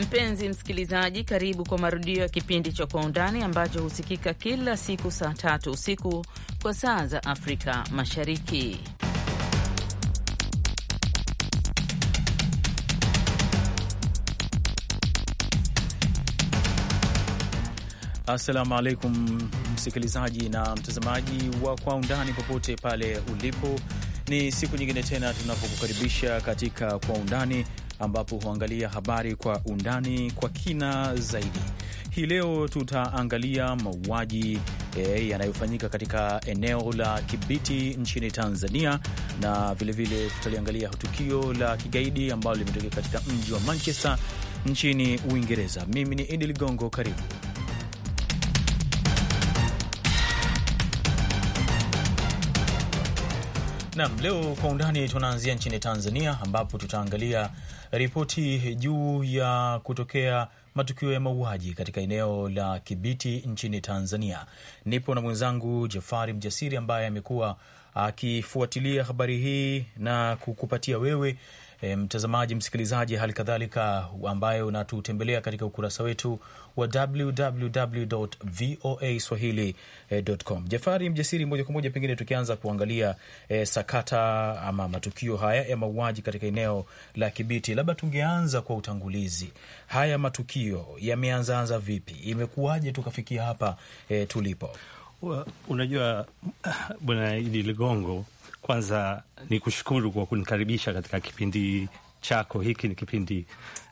Mpenzi msikilizaji, karibu kwa marudio ya kipindi cha Kwa Undani ambacho husikika kila siku saa tatu usiku kwa saa za Afrika Mashariki. Assalamu alaikum msikilizaji na mtazamaji wa Kwa Undani popote pale ulipo, ni siku nyingine tena tunapokukaribisha katika Kwa Undani ambapo huangalia habari kwa undani kwa kina zaidi. Hii leo tutaangalia mauaji e, yanayofanyika katika eneo la Kibiti nchini Tanzania, na vilevile tutaliangalia tukio la kigaidi ambalo limetokea katika mji wa Manchester nchini Uingereza. Mimi ni Idi Ligongo, karibu. Nam, leo kwa undani tunaanzia nchini Tanzania ambapo tutaangalia ripoti juu ya kutokea matukio ya mauaji katika eneo la Kibiti nchini Tanzania. Nipo na mwenzangu Jafari Mjasiri ambaye amekuwa akifuatilia habari hii na kukupatia wewe e, mtazamaji, msikilizaji, hali kadhalika ambaye unatutembelea katika ukurasa wetu wa www voa swahilicom Jafari Mjasiri, moja kwa moja, pengine tukianza kuangalia e, sakata ama matukio haya ya mauaji katika eneo la Kibiti, labda tungeanza kwa utangulizi. Haya matukio yameanzaanza vipi? Imekuwaje tukafikia hapa e, tulipo? unajua ah, bwana Idi Ligongo kwanza ni kushukuru kwa kunikaribisha katika kipindi chako hiki. Ni kipindi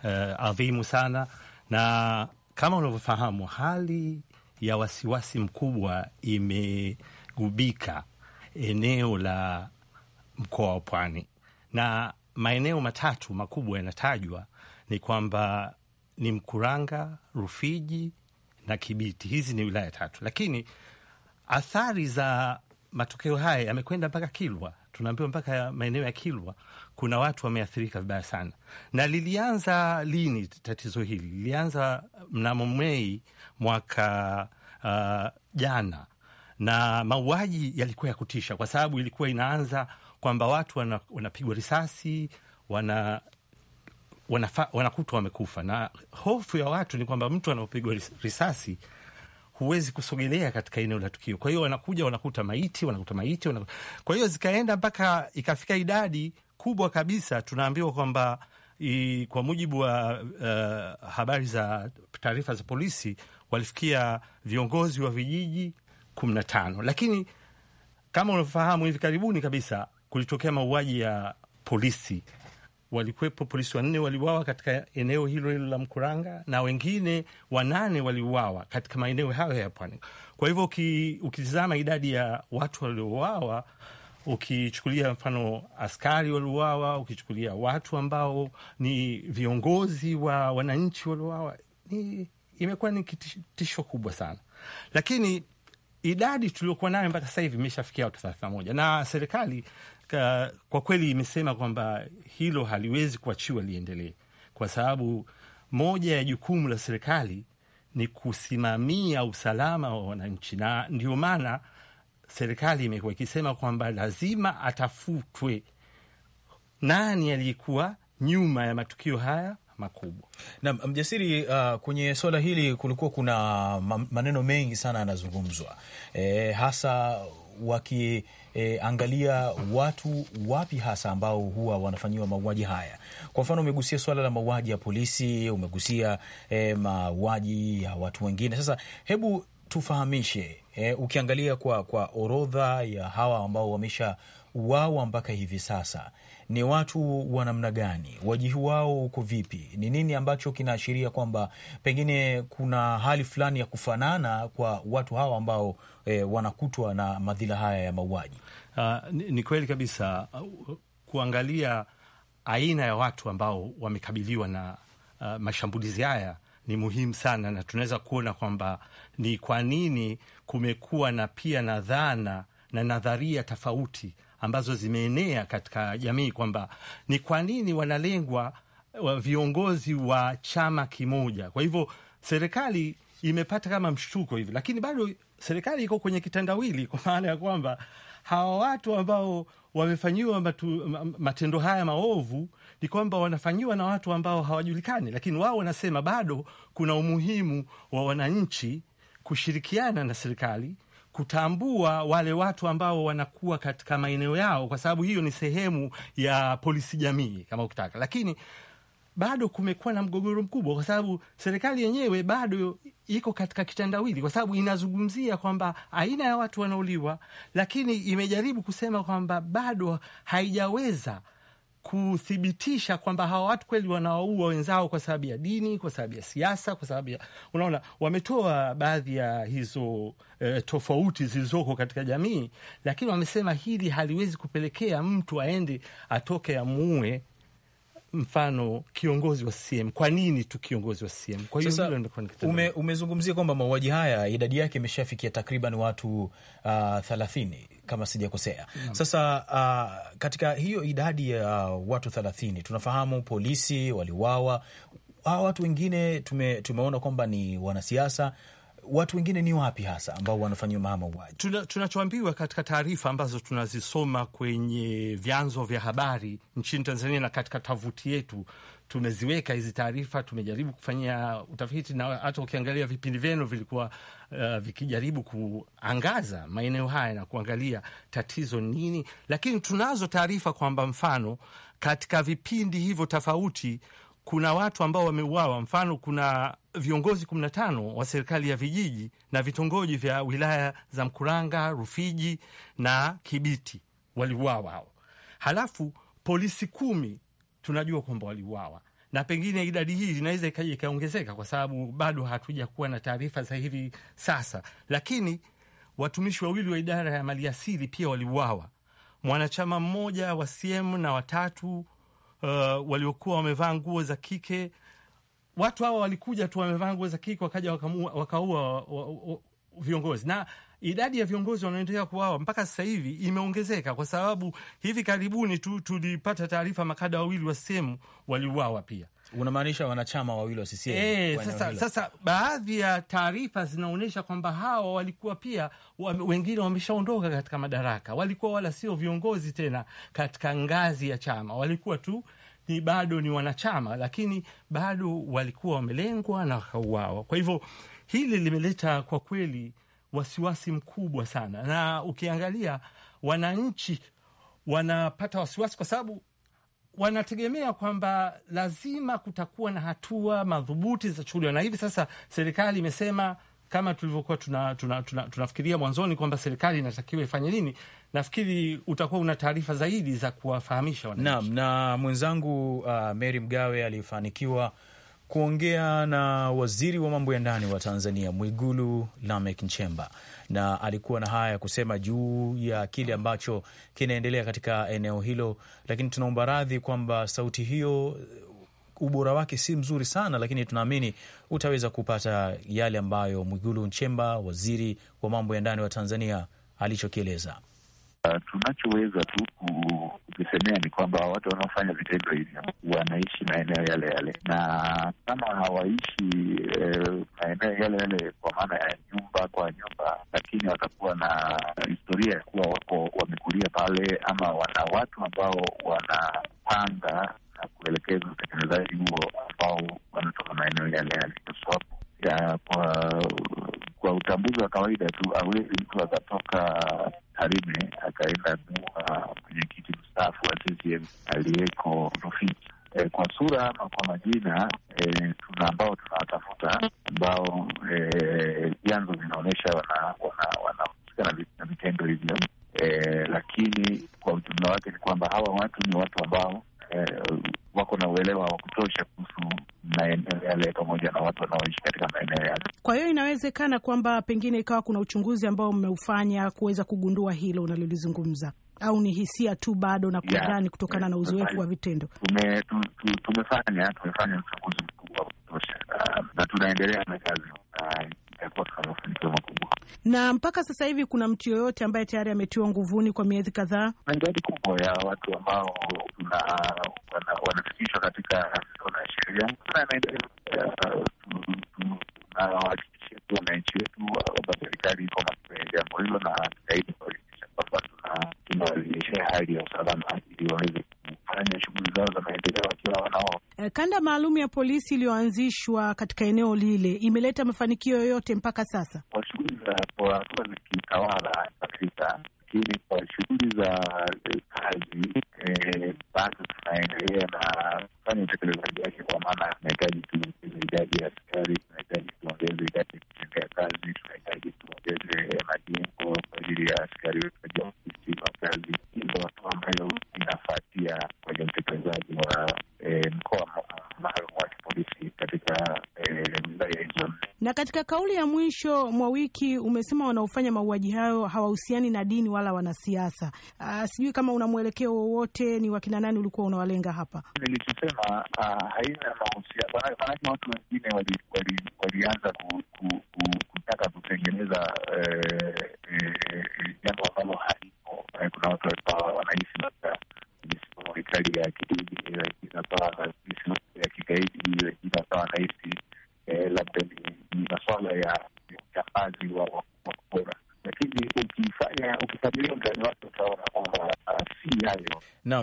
uh, adhimu sana, na kama unavyofahamu hali ya wasiwasi mkubwa imegubika eneo la mkoa wa Pwani na maeneo matatu makubwa yanatajwa ni kwamba ni Mkuranga, Rufiji na Kibiti. Hizi ni wilaya tatu, lakini athari za matokeo haya yamekwenda mpaka Kilwa, tunaambiwa mpaka maeneo ya Kilwa kuna watu wameathirika vibaya sana. Na lilianza lini tatizo hili? Lilianza mnamo Mei mwaka uh, jana, na mauaji yalikuwa ya kutisha, kwa sababu ilikuwa inaanza kwamba watu wanapigwa wana risasi wana wanakutwa wamekufa, na hofu ya watu ni kwamba mtu anapopigwa risasi huwezi kusogelea katika eneo la tukio. Kwa hiyo wanakuja wanakuta maiti, wanakuta maiti wanakuta... kwa hiyo zikaenda mpaka ikafika idadi kubwa kabisa, tunaambiwa kwamba kwa mujibu wa uh, habari za taarifa za polisi walifikia viongozi wa vijiji kumi na tano, lakini kama unavyofahamu hivi karibuni kabisa kulitokea mauaji ya polisi walikuwepo polisi wanne waliuawa katika eneo hilo hilo la Mkuranga na wengine wanane waliuawa katika maeneo hayo ya pwani. Kwa hivyo ukitizama idadi ya watu waliouawa, ukichukulia mfano askari waliuawa, ukichukulia watu ambao ni viongozi wa wananchi waliuawa, ni imekuwa ni kitisho kubwa sana, lakini idadi tuliokuwa nayo mpaka sasa hivi imeshafikia watu thelathini na moja na serikali ka, kwa kweli imesema kwamba hilo haliwezi kuachiwa liendelee, kwa sababu moja ya jukumu la serikali ni kusimamia usalama wa wananchi, na ndio maana serikali imekuwa ikisema kwamba lazima atafutwe nani aliyekuwa nyuma ya matukio haya makubwa. Na Mjasiri, uh, kwenye suala hili kulikuwa kuna maneno mengi sana yanazungumzwa, e, hasa wakiangalia e, watu wapi hasa ambao huwa wanafanyiwa mauaji haya. Kwa mfano, umegusia swala la mauaji ya polisi, umegusia e, mauaji ya watu wengine. Sasa hebu tufahamishe e, ukiangalia kwa, kwa orodha ya hawa ambao wameshauawa mpaka hivi sasa ni watu wa namna gani, wajihi wao uko vipi, ni nini ambacho kinaashiria kwamba pengine kuna hali fulani ya kufanana kwa watu hawa ambao e, wanakutwa na madhila haya ya mauaji? Uh, ni, ni kweli kabisa uh, kuangalia aina ya watu ambao wamekabiliwa na uh, mashambulizi haya ni muhimu sana, na tunaweza kuona kwamba ni kwa nini kumekuwa na pia na dhana na nadharia tofauti ambazo zimeenea katika jamii kwamba ni kwa nini wanalengwa viongozi wa chama kimoja. Kwa hivyo serikali imepata kama mshtuko hivi, lakini bado serikali iko kwenye kitandawili, kwa maana ya kwamba hawa watu ambao wamefanyiwa matendo haya maovu ni kwamba wanafanyiwa na watu ambao hawajulikani, lakini wao wanasema bado kuna umuhimu wa wananchi kushirikiana na serikali kutambua wale watu ambao wanakuwa katika maeneo yao, kwa sababu hiyo ni sehemu ya polisi jamii kama ukitaka, lakini bado kumekuwa na mgogoro mkubwa, kwa sababu serikali yenyewe bado iko katika kitandawili, kwa sababu inazungumzia kwamba aina ya watu wanauliwa lakini imejaribu kusema kwamba bado haijaweza kuthibitisha kwamba hawa watu kweli wanawaua wenzao kwa sababu ya dini, kwa sababu ya siasa, kwa sababu ya unaona, wametoa baadhi ya hizo e, tofauti zilizoko katika jamii, lakini wamesema hili haliwezi kupelekea mtu aende atoke amuue mfano kiongozi wa CCM, kwa nini tu kiongozi wa CCM? Kwa hiyo hilo ndio ume, umezungumzia kwamba mauaji haya idadi yake imeshafikia takriban watu uh, 30 kama sijakosea. mm -hmm. Sasa uh, katika hiyo idadi ya uh, watu thelathini tunafahamu polisi waliuawa, hawa watu wengine tume, tumeona kwamba ni wanasiasa watu wengine ni wapi hasa ambao wanafanyiwa maa mauaji? Tunachoambiwa tuna katika taarifa ambazo tunazisoma kwenye vyanzo vya habari nchini Tanzania na katika tovuti yetu tumeziweka hizi taarifa, tumejaribu kufanyia utafiti na hata ukiangalia vipindi vyenu vilikuwa uh, vikijaribu kuangaza maeneo haya na kuangalia tatizo nini, lakini tunazo taarifa kwamba mfano katika vipindi hivyo tofauti kuna watu ambao wameuawa. Mfano, kuna viongozi 15 wa serikali ya vijiji na vitongoji vya wilaya za Mkuranga, Rufiji na Kibiti waliuawa hao. Halafu polisi kumi tunajua kwamba waliuawa na pengine idadi hii inaweza ikaja ikaongezeka kwa sababu bado hatujakuwa na taarifa za hivi sasa, lakini watumishi wawili wa idara ya maliasili pia waliuawa, mwanachama mmoja wa CM na watatu uh, waliokuwa wamevaa nguo za kike watu hawa walikuja tu wamevaa nguo za kike, wakaja wakaua, viongozi na idadi ya viongozi wanaoendelea kuwawa mpaka sasa hivi imeongezeka, kwa sababu hivi karibuni tu tulipata taarifa makada wawili wa sehemu waliuawa pia. Unamaanisha wanachama wawili wa CCM? E, eh, sasa, sasa baadhi ya taarifa zinaonyesha kwamba hawa walikuwa pia wengine wameshaondoka katika madaraka, walikuwa wala sio viongozi tena katika ngazi ya chama, walikuwa tu ni bado ni wanachama, lakini bado walikuwa wamelengwa na wakauawa. Kwa hivyo hili limeleta kwa kweli wasiwasi mkubwa sana, na ukiangalia wananchi wanapata wasiwasi kwa sababu wanategemea kwamba lazima kutakuwa na hatua madhubuti zitachukuliwa, na hivi sasa serikali imesema kama tulivyokuwa tunafikiria tuna, tuna, tuna, mwanzoni kwamba serikali inatakiwa ifanye nini. Nafikiri utakuwa una taarifa zaidi za kuwafahamisha wananchi. Naam, na mwenzangu uh, Mary Mgawe alifanikiwa kuongea na waziri wa mambo ya ndani wa Tanzania Mwigulu Lamek Nchemba, na alikuwa na haya ya kusema juu ya kile ambacho kinaendelea katika eneo hilo, lakini tunaomba radhi kwamba sauti hiyo ubora wake si mzuri sana, lakini tunaamini utaweza kupata yale ambayo Mwigulu Nchemba, waziri wa mambo ya ndani wa Tanzania, alichokieleza. Uh, tunachoweza tu kukisemea ni kwamba watu wanaofanya vitendo hivyo wanaishi maeneo yale yale, na kama hawaishi eh, maeneo yale yale kwa maana ya nyumba kwa nyumba, lakini watakuwa na historia ya kuwa wako wamekulia pale ama wana watu ambao wanapanga na kuelekeza utekelezaji huo ambao wanatoka maeneo yale yale, kwa sababu ya kwa kwa utambuzi wa kawaida tu awezi mtu akatoka Tarime akaenda kuwa mwenyekiti mstaafu wa CCM aliyeko Rufiji. E, kwa sura ama kwa majina e, tuna ambao tunawatafuta ambao eh, vyanzo e, vinaonyesha wanahusika wana, wana, na vitendo hivyo e, lakini kwa ujumla wake ni kwamba hawa watu ni watu ambao eh, wako na uelewa wa kutosha kuhusu maeneo yale pamoja na watu wanaoishi katika maeneo yale. Kwa hiyo inawezekana kwamba pengine ikawa kuna uchunguzi ambao mmeufanya kuweza kugundua hilo unalolizungumza au ni hisia tu bado na kudhani kutokana yeah, na uzoefu wa vitendo? Tumefanya tumefanya uchunguzi mkubwa wa kutosha, uh, na tunaendelea na kazi uh, yatakuwa na mafanikio makubwa. Na mpaka sasa hivi kuna mtu yoyote ambaye tayari ametiwa nguvuni kwa miezi kadhaa? Na idadi kubwa ya watu ambao wanafikishwa katika na sheria tunahakikisha wananchi wetu kwamba serikali iko makini jambo hilo, na zaidi kuhakikisha kwamba tunawawezesha hali ya usalama ili waweze kufanya shughuli zao za maendeleo wakiwa wanao Eh, kanda maalum ya polisi iliyoanzishwa katika eneo lile imeleta mafanikio yoyote mpaka sasa kwa shughuli za hatua za kiutawala Afrika? Lakini kwa shughuli za eh, kazi eh, bado tunaendelea na kufanya utekelezaji wake, kwa maana tunahitaji tuongeze idadi ya askari kauli ya mwisho mwa wiki umesema wanaofanya mauaji hayo hawahusiani na dini wala wanasiasa. Uh, sijui kama una mwelekeo wowote, ni wakina nani ulikuwa unawalenga hapa? Nilichosema uh, ah, haina mahusiano, maanake watu wengine walianza wali, wali kutaka ku, ku, kutengeneza eh,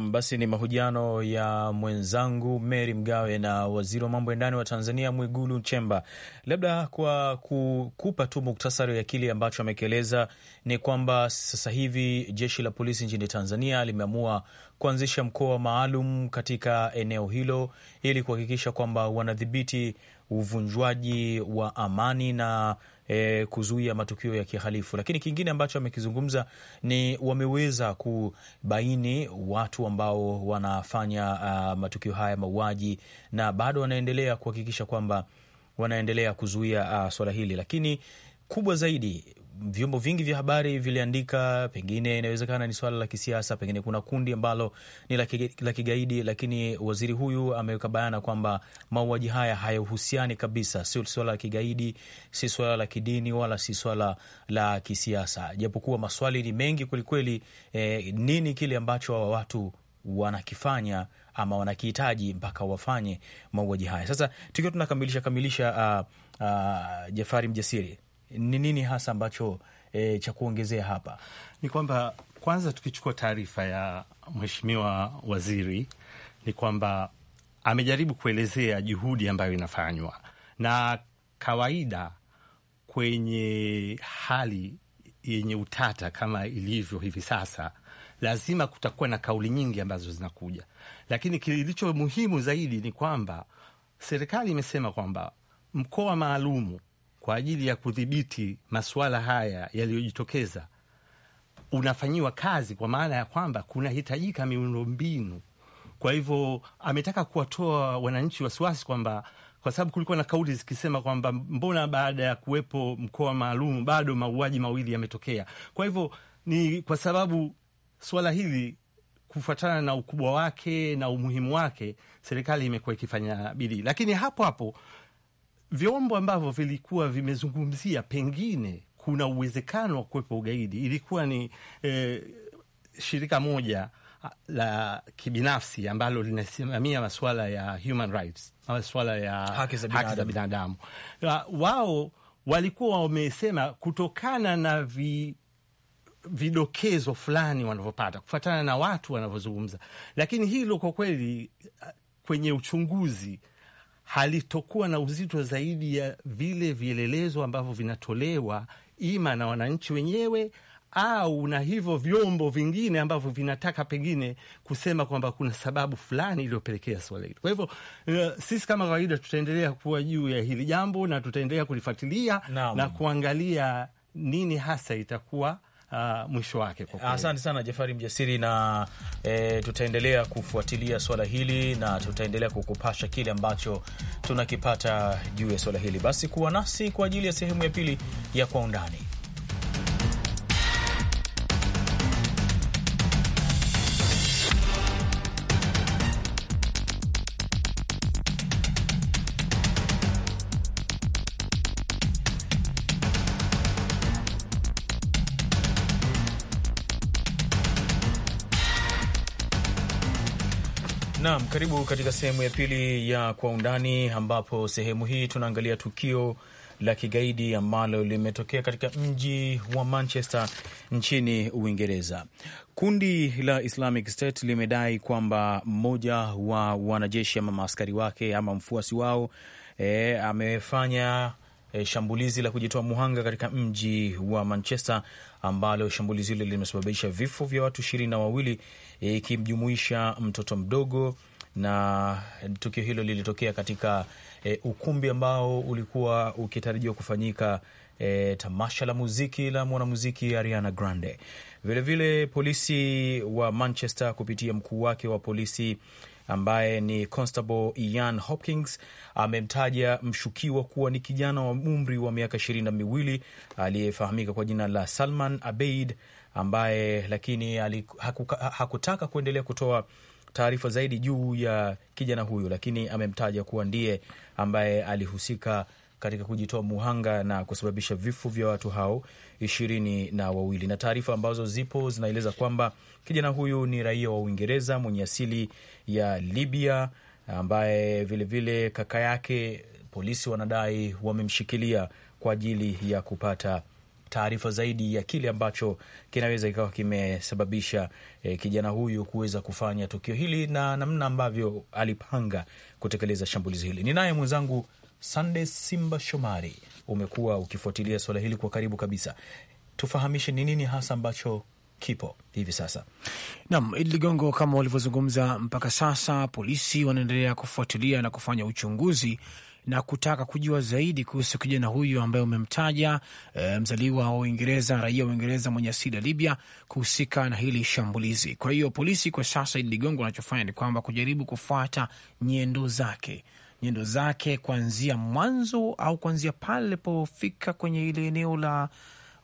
Nam, basi ni mahojiano ya mwenzangu Mary Mgawe na waziri wa mambo ya ndani wa Tanzania Mwigulu Nchemba. Labda kwa kukupa tu muktasari ya kile ambacho amekieleza ni kwamba sasa hivi jeshi la polisi nchini Tanzania limeamua kuanzisha mkoa maalum katika eneo hilo ili kuhakikisha kwamba wanadhibiti uvunjwaji wa amani na e, kuzuia matukio ya kihalifu. Lakini kingine ambacho amekizungumza ni wameweza kubaini watu ambao wanafanya uh, matukio haya mauaji, na bado wanaendelea kuhakikisha kwamba wanaendelea kuzuia uh, swala hili, lakini kubwa zaidi vyombo vingi vya habari viliandika, pengine inawezekana ni swala la kisiasa, pengine kuna kundi ambalo ni la kigaidi, lakini waziri huyu ameweka bayana kwamba mauaji haya hayahusiani kabisa, sio swala la kigaidi, si swala la kidini, wala si swala la kisiasa, japokuwa maswali ni mengi kwelikweli. Eh, nini kile ambacho hawa watu wanakifanya ama wanakihitaji mpaka wafanye mauaji haya? Sasa tukiwa tunakamilisha kamilisha, uh, uh, Jafari Mjasiri ni nini hasa ambacho e, cha kuongezea hapa ni kwamba kwanza, tukichukua taarifa ya mheshimiwa waziri, ni kwamba amejaribu kuelezea juhudi ambayo inafanywa, na kawaida kwenye hali yenye utata kama ilivyo hivi sasa, lazima kutakuwa na kauli nyingi ambazo zinakuja, lakini kilicho muhimu zaidi ni kwamba serikali imesema kwamba mkoa maalumu kwa ajili ya kudhibiti masuala haya yaliyojitokeza unafanyiwa kazi, kwa maana ya kwamba kunahitajika miundombinu. Kwa hivyo ametaka kuwatoa wananchi wasiwasi kwamba kwa sababu kulikuwa na kauli zikisema kwamba mbona baada ya kuwepo mkoa maalum bado mauaji mawili yametokea. Kwa hivyo ni kwa sababu suala hili kufuatana na ukubwa wake na umuhimu wake, serikali imekuwa ikifanya bidii, lakini hapo hapo vyombo ambavyo vilikuwa vimezungumzia pengine kuna uwezekano wa kuwepo ugaidi ilikuwa ni eh, shirika moja ah, la kibinafsi ambalo linasimamia masuala ya human rights, masuala ya haki za binadamu. Wao walikuwa wamesema kutokana na vi vidokezo fulani wanavyopata kufuatana na watu wanavyozungumza, lakini hilo kwa kweli ah, kwenye uchunguzi halitokuwa na uzito zaidi ya vile vielelezo ambavyo vinatolewa ima na wananchi wenyewe au na hivyo vyombo vingine ambavyo vinataka pengine kusema kwamba kuna sababu fulani iliyopelekea suala hili. Kwa hivyo uh, sisi kama kawaida tutaendelea kuwa juu ya hili jambo na tutaendelea kulifuatilia na kuangalia nini hasa itakuwa uh, mwisho wake. Asante sana Jafari Mjasiri, na e, tutaendelea kufuatilia swala hili na tutaendelea kukupasha kile ambacho tunakipata juu ya swala hili. Basi kuwa nasi kwa ajili ya sehemu ya pili ya Kwa Undani. Karibu katika sehemu ya pili ya Kwa Undani, ambapo sehemu hii tunaangalia tukio la kigaidi ambalo limetokea katika mji wa Manchester nchini Uingereza. Kundi la Islamic State limedai kwamba mmoja wa wanajeshi ama maaskari wake ama mfuasi wao e, amefanya e, shambulizi la kujitoa muhanga katika mji wa Manchester ambalo shambulizi hilo limesababisha vifo vya watu ishirini na wawili ikimjumuisha e, mtoto mdogo na eh, tukio hilo lilitokea katika e, ukumbi ambao ulikuwa ukitarajiwa kufanyika e, tamasha la muziki la mwanamuziki Ariana Grande. Vilevile vile polisi wa Manchester kupitia mkuu wake wa polisi ambaye ni Constable Ian Hopkins amemtaja mshukiwa kuwa ni kijana wa umri wa miaka ishirini na miwili aliyefahamika kwa jina la Salman Abeid ambaye lakini hakutaka kuendelea kutoa taarifa zaidi juu ya kijana huyu, lakini amemtaja kuwa ndiye ambaye alihusika katika kujitoa muhanga na kusababisha vifo vya watu hao ishirini na wawili. Na taarifa ambazo zipo zinaeleza kwamba kijana huyu ni raia wa Uingereza mwenye asili ya Libya ambaye vilevile vile kaka yake polisi wanadai wamemshikilia kwa ajili ya kupata taarifa zaidi ya kile ambacho kinaweza ikawa kimesababisha e, kijana huyu kuweza kufanya tukio hili na namna ambavyo alipanga kutekeleza shambulizi hili. Ninaye mwenzangu Sande Simba Shomari, umekuwa ukifuatilia suala hili kwa karibu kabisa, tufahamishe ni nini hasa ambacho kipo hivi sasa. Naam, Idi Ligongo, kama walivyozungumza, mpaka sasa polisi wanaendelea kufuatilia na kufanya uchunguzi na kutaka kujua zaidi kuhusu kijana huyu ambaye umemtaja, e, mzaliwa wa Uingereza, raia wa Uingereza mwenye asili ya Libya, kuhusika na hili shambulizi. Kwa hiyo polisi kwa sasa, Idi Ligongo, wanachofanya ni kwamba kujaribu kufuata nyendo zake nyendo zake kuanzia mwanzo au kuanzia pale alipofika kwenye ile eneo la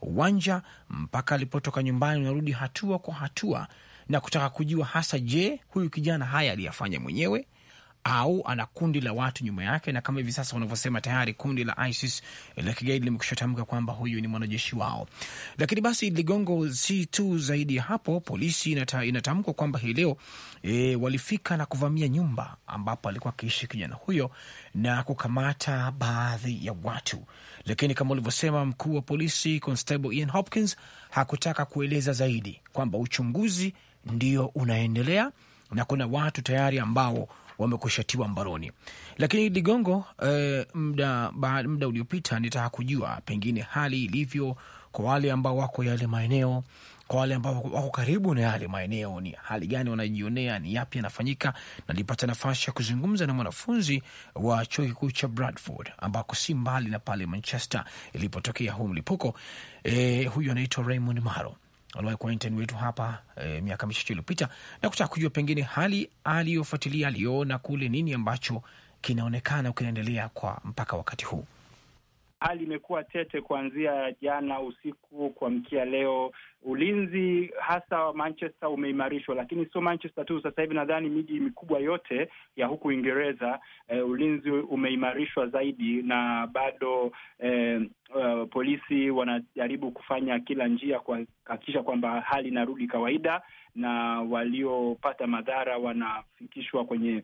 uwanja mpaka alipotoka nyumbani, unarudi hatua kwa hatua na kutaka kujua hasa, je, huyu kijana haya aliyafanya mwenyewe au ana kundi la watu nyuma yake, na kama hivi sasa unavyosema tayari kundi la ISIS eh, la kigaidi limekusha tamka kwamba huyu ni mwanajeshi wao. Lakini basi ligongo si tu zaidi ya hapo, polisi inata, inatamkwa kwamba hii leo e, walifika na kuvamia nyumba ambapo alikuwa akiishi kijana huyo na kukamata baadhi ya watu, lakini kama ulivyosema, mkuu wa polisi Constable Ian Hopkins hakutaka kueleza zaidi kwamba uchunguzi ndio unaendelea na kuna watu tayari ambao wamekushatiwa mbaroni. Lakini Ligongo, eh, muda uliopita nitaka kujua pengine hali ilivyo kwa wale ambao wako yale maeneo, kwa wale ambao wako karibu na yale maeneo, ni hali gani wanajionea, ni yapi yanafanyika. lipata nafasi ya kuzungumza na mwanafunzi wa chuo kikuu cha Bradford ambako si mbali na pale Manchester ilipotokea huu mlipuko. Eh, huyu anaitwa Raymond Maro aliwahi kuwa intern wetu hapa e, miaka michache iliyopita, na kutaka kujua pengine hali aliyofuatilia aliyoona kule, nini ambacho kinaonekana kinaendelea kwa mpaka wakati huu hali imekuwa tete kuanzia jana usiku kuamkia leo. Ulinzi hasa Manchester umeimarishwa, lakini sio Manchester tu. Sasa hivi nadhani miji mikubwa yote ya huku Uingereza eh, ulinzi umeimarishwa zaidi, na bado eh, uh, polisi wanajaribu kufanya kila njia kuhakikisha kwamba hali inarudi kawaida na waliopata madhara wanafikishwa kwenye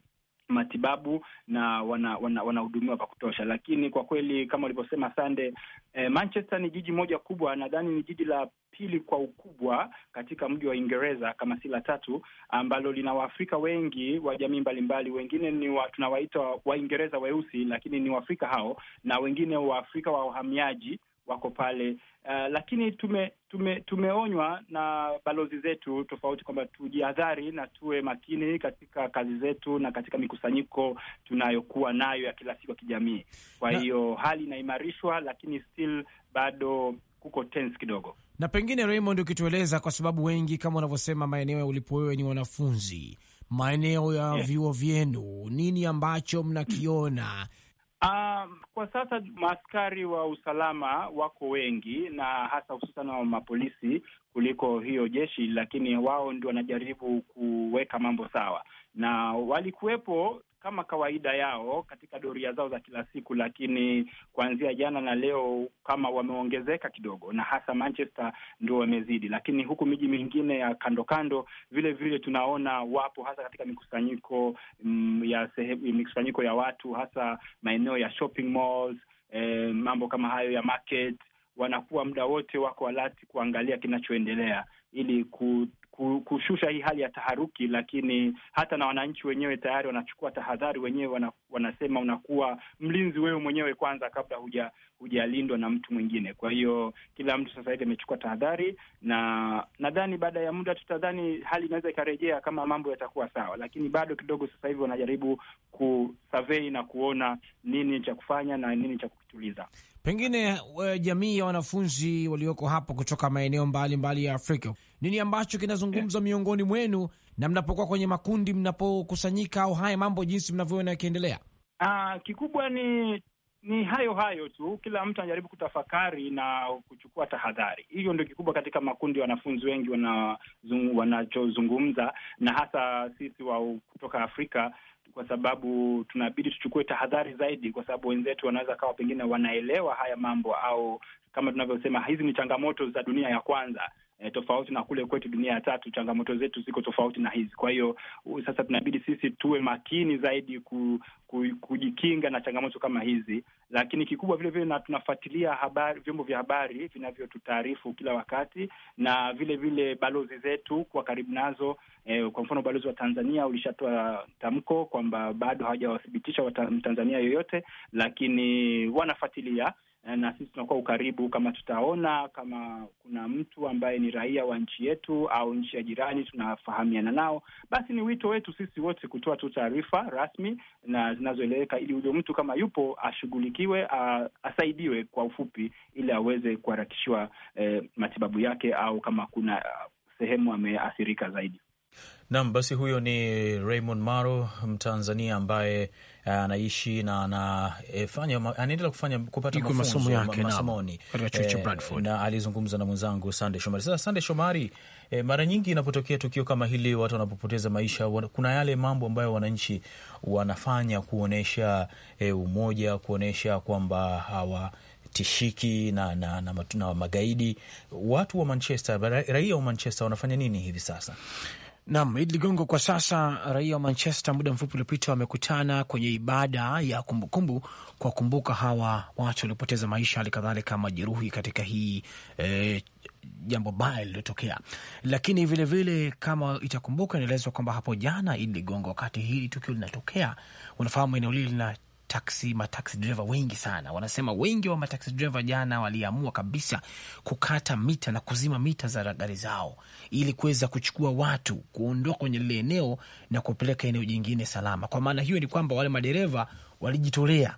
matibabu na wanahudumiwa wana, wana vya kutosha, lakini kwa kweli kama ulivyosema Sande, eh, Manchester ni jiji moja kubwa, nadhani ni jiji la pili kwa ukubwa katika mji wa Uingereza kama si la tatu, ambalo lina Waafrika wengi wa jamii mbalimbali. Wengine ni wa, tunawaita Waingereza weusi, lakini ni Waafrika hao, na wengine Waafrika wa uhamiaji wako pale uh, lakini tume, tume, tumeonywa na balozi zetu tofauti kwamba tujihadhari na tuwe makini katika kazi zetu na katika mikusanyiko tunayokuwa nayo ya kila siku ya kijamii. Kwa hiyo hali inaimarishwa, lakini still bado kuko tense kidogo. Na pengine Raymond, ukitueleza kwa sababu wengi kama unavyosema maeneo ya ulipo wewe ni wanafunzi, maeneo ya yeah, vyuo vyenu, nini ambacho mnakiona Um, kwa sasa maaskari wa usalama wako wengi na hasa hususan wa mapolisi kuliko hiyo jeshi, lakini wao ndio wanajaribu kuweka mambo sawa, na walikuwepo kama kawaida yao katika doria zao za kila siku, lakini kuanzia jana na leo kama wameongezeka kidogo, na hasa Manchester ndio wamezidi, lakini huku miji mingine ya kando kando vile vile tunaona wapo, hasa katika mikusanyiko mm, ya sehemu, mikusanyiko ya watu hasa maeneo ya shopping malls, eh, mambo kama hayo ya market, wanakuwa muda wote wako alati kuangalia kinachoendelea ili ku, kushusha hii hali ya taharuki, lakini hata na wananchi wenyewe tayari wanachukua tahadhari wenyewe, wana, wanasema unakuwa mlinzi wewe mwenyewe kwanza kabla huja hujalindwa na mtu mwingine. Kwa hiyo kila mtu sasa hivi amechukua tahadhari, na nadhani baada ya muda tutadhani hali inaweza ikarejea kama mambo yatakuwa sawa, lakini bado kidogo sasa hivi wanajaribu kusurvey na kuona nini cha kufanya na nini cha kukituliza. Pengine we, jamii ya wanafunzi walioko hapo kutoka maeneo mbalimbali ya Afrika, nini ambacho kinazungumzwa miongoni mwenu na mnapokuwa kwenye makundi, mnapokusanyika au haya mambo jinsi mnavyoona yakiendelea? Ah, kikubwa ni ni hayo hayo tu, kila mtu anajaribu kutafakari na kuchukua tahadhari. Hiyo ndio kikubwa katika makundi ya wanafunzi wengi wanachozungumza, na hasa sisi wa kutoka Afrika, kwa sababu tunabidi tuchukue tahadhari zaidi, kwa sababu wenzetu wanaweza kawa pengine wanaelewa haya mambo, au kama tunavyosema hizi ni changamoto za dunia ya kwanza E, tofauti na kule kwetu dunia ya tatu, changamoto zetu ziko tofauti na hizi. Kwa hiyo sasa tunabidi sisi tuwe makini zaidi ku, ku, kujikinga na changamoto kama hizi, lakini kikubwa vile vile na tunafuatilia habari, vyombo vya habari vinavyotutaarifu kila wakati na vile vile balozi zetu kwa karibu nazo. E, kwa mfano ubalozi wa Tanzania ulishatoa tamko kwamba bado hawajawathibitisha Mtanzania yoyote, lakini wanafuatilia Eh, na sisi tunakuwa ukaribu, kama tutaona kama kuna mtu ambaye ni raia wa nchi yetu au nchi ya jirani tunafahamiana nao, basi ni wito wetu sisi wote kutoa tu taarifa rasmi na zinazoeleweka, ili huyo mtu kama yupo ashughulikiwe, asaidiwe kwa ufupi, ili aweze kuharakishiwa eh, matibabu yake au kama kuna sehemu ameathirika zaidi. Nam, basi huyo ni Raymond Maro, Mtanzania ambaye eh, anaishi na anafanya anaendelea kufanya kupata masomo yake masomoni eh, na alizungumza na mwenzangu Sande Shomari. Sasa Sande Shomari, e, mara nyingi inapotokea tukio kama hili, watu wanapopoteza maisha, kuna yale mambo ambayo wananchi wanafanya kuonyesha e, umoja, kuonyesha kwamba hawa tishiki na, na, na, na magaidi. Watu wa Manchester, raia wa Manchester wanafanya nini hivi sasa? Nam Idi Ligongo. Kwa sasa raia wa Manchester muda mfupi uliopita wamekutana kwenye ibada ya kumbukumbu kuwakumbuka hawa watu waliopoteza maisha, hali kadhalika majeruhi katika hii eh, jambo baya lililotokea. Lakini vilevile vile, kama itakumbuka, inaelezwa kwamba hapo jana, Idi Ligongo, wakati hili tukio linatokea, unafahamu eneo lile lina taksi mataksi dreva wengi sana wanasema, wengi wa mataksi dreva jana waliamua kabisa kukata mita na kuzima mita za gari zao ili kuweza kuchukua watu kuondoka kwenye lile eneo na kupeleka eneo jingine salama. Kwa maana hiyo ni kwamba wale madereva walijitolea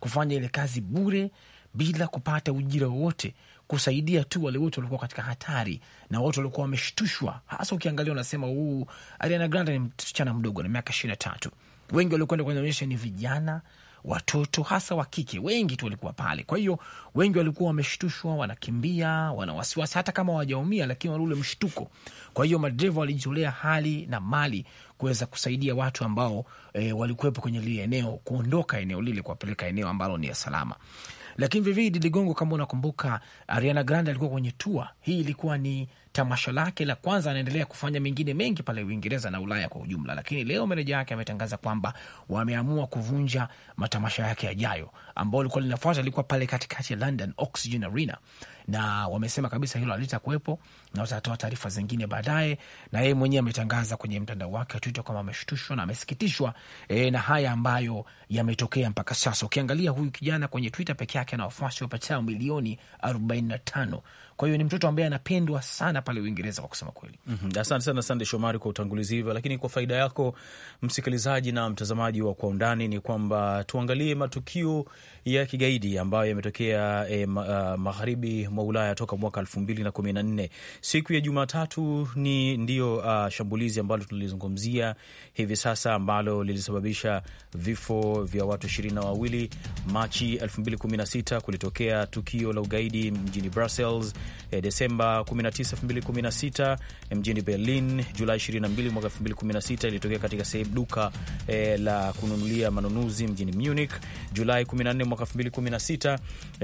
kufanya ile kazi bure bila kupata ujira wowote kusaidia tu wale wote walikuwa katika hatari na wote walikuwa wameshtushwa. Hasa ukiangalia unasema, huu Ariana Grande ni msichana mdogo na miaka ishirini na tatu. Wengi waliokwenda kwenye onyesha ni vijana watoto hasa wa kike wengi tu walikuwa pale. Kwa hiyo wengi walikuwa wameshtushwa, wanakimbia, wana wasiwasi, hata kama hawajaumia, lakini wana ule mshtuko. Kwa hiyo madereva walijitolea hali na mali kuweza kusaidia watu ambao e, walikuwepo kwenye lile eneo kuondoka eneo lile, kuwapeleka eneo ambalo ni ya salama. Lakini vivi Ligongo, kama unakumbuka, Ariana Grande alikuwa kwenye tua hii, ilikuwa ni tamasha lake la kwanza. Anaendelea kufanya mengine mengi pale Uingereza na Ulaya kwa ujumla, lakini leo meneja yake ametangaza kwamba wameamua kuvunja matamasha yake yajayo, ambao likuwa linafuata likuwa pale katikati ya London, Oxygen Arena na wamesema kabisa hilo halitakuwepo na watatoa taarifa zingine baadaye. Na yeye mwenyewe ametangaza kwenye mtandao wake wa Twitter kwamba ameshtushwa na amesikitishwa e, na haya ambayo yametokea mpaka sasa. Ukiangalia huyu kijana kwenye Twitter peke yake ana wafuasi wapatao milioni 45. Kwa hiyo ni mtoto ambaye anapendwa sana pale Uingereza kwa kusema kweli. mm -hmm. Asante sana Sande Shomari kwa utangulizi hivyo, lakini kwa faida yako msikilizaji na mtazamaji wa Kwa Undani ni kwamba tuangalie matukio ya kigaidi ambayo yametokea eh, ah, magharibi mwa Ulaya toka mwaka elfu mbili na kumi na nne. Siku ya Jumatatu ni ndiyo uh, shambulizi ambalo tunalizungumzia hivi sasa ambalo lilisababisha vifo vya watu ishirini na wawili. Machi elfu mbili kumi na sita kulitokea tukio la ugaidi mjini Brussels. E, Desemba kumi na eh, mjini Berlin. Julai ishirini mwaka elfu ilitokea katika sehemu duka e, la kununulia manunuzi mjini Munich. Julai kumi na mwaka elfu mbili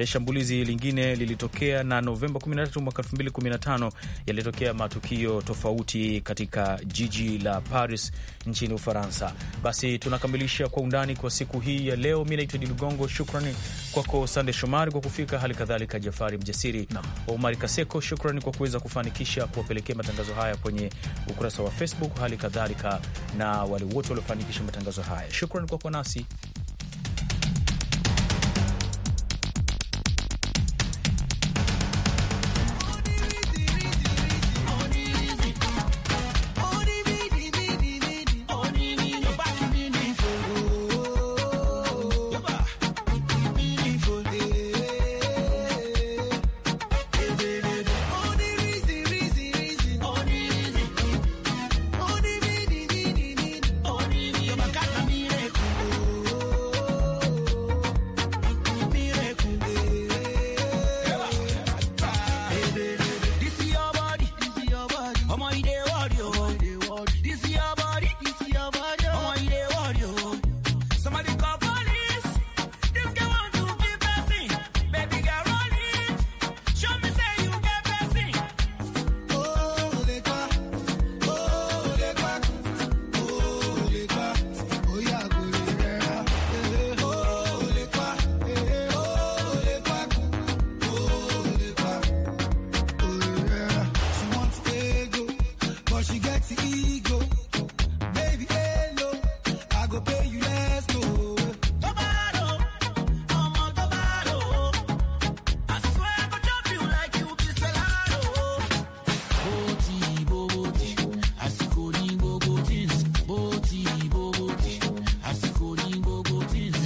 shambulizi lingine lilitokea na Novemba 13 mwaka 2015 yalitokea matukio tofauti katika jiji la Paris nchini Ufaransa. Basi tunakamilisha kwa undani kwa siku hii ya leo. Mi naitwa Idi Ligongo, shukrani kwako Sande Shomari kwa kufika, hali kadhalika Jafari Mjasiri na Omari Kaseko, shukrani kwa kuweza kufanikisha kuwapelekea matangazo haya kwenye ukurasa wa Facebook, hali kadhalika na wale wote waliofanikisha matangazo haya, shukrani kwa kuwa nasi.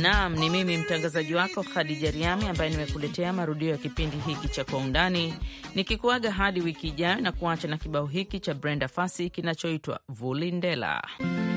Naam, ni mimi mtangazaji wako Khadija Riami ambaye nimekuletea marudio ya kipindi hiki cha Kwa Undani, nikikuaga hadi wiki ijayo na kuacha na kibao hiki cha Brenda Fasi kinachoitwa Vulindela.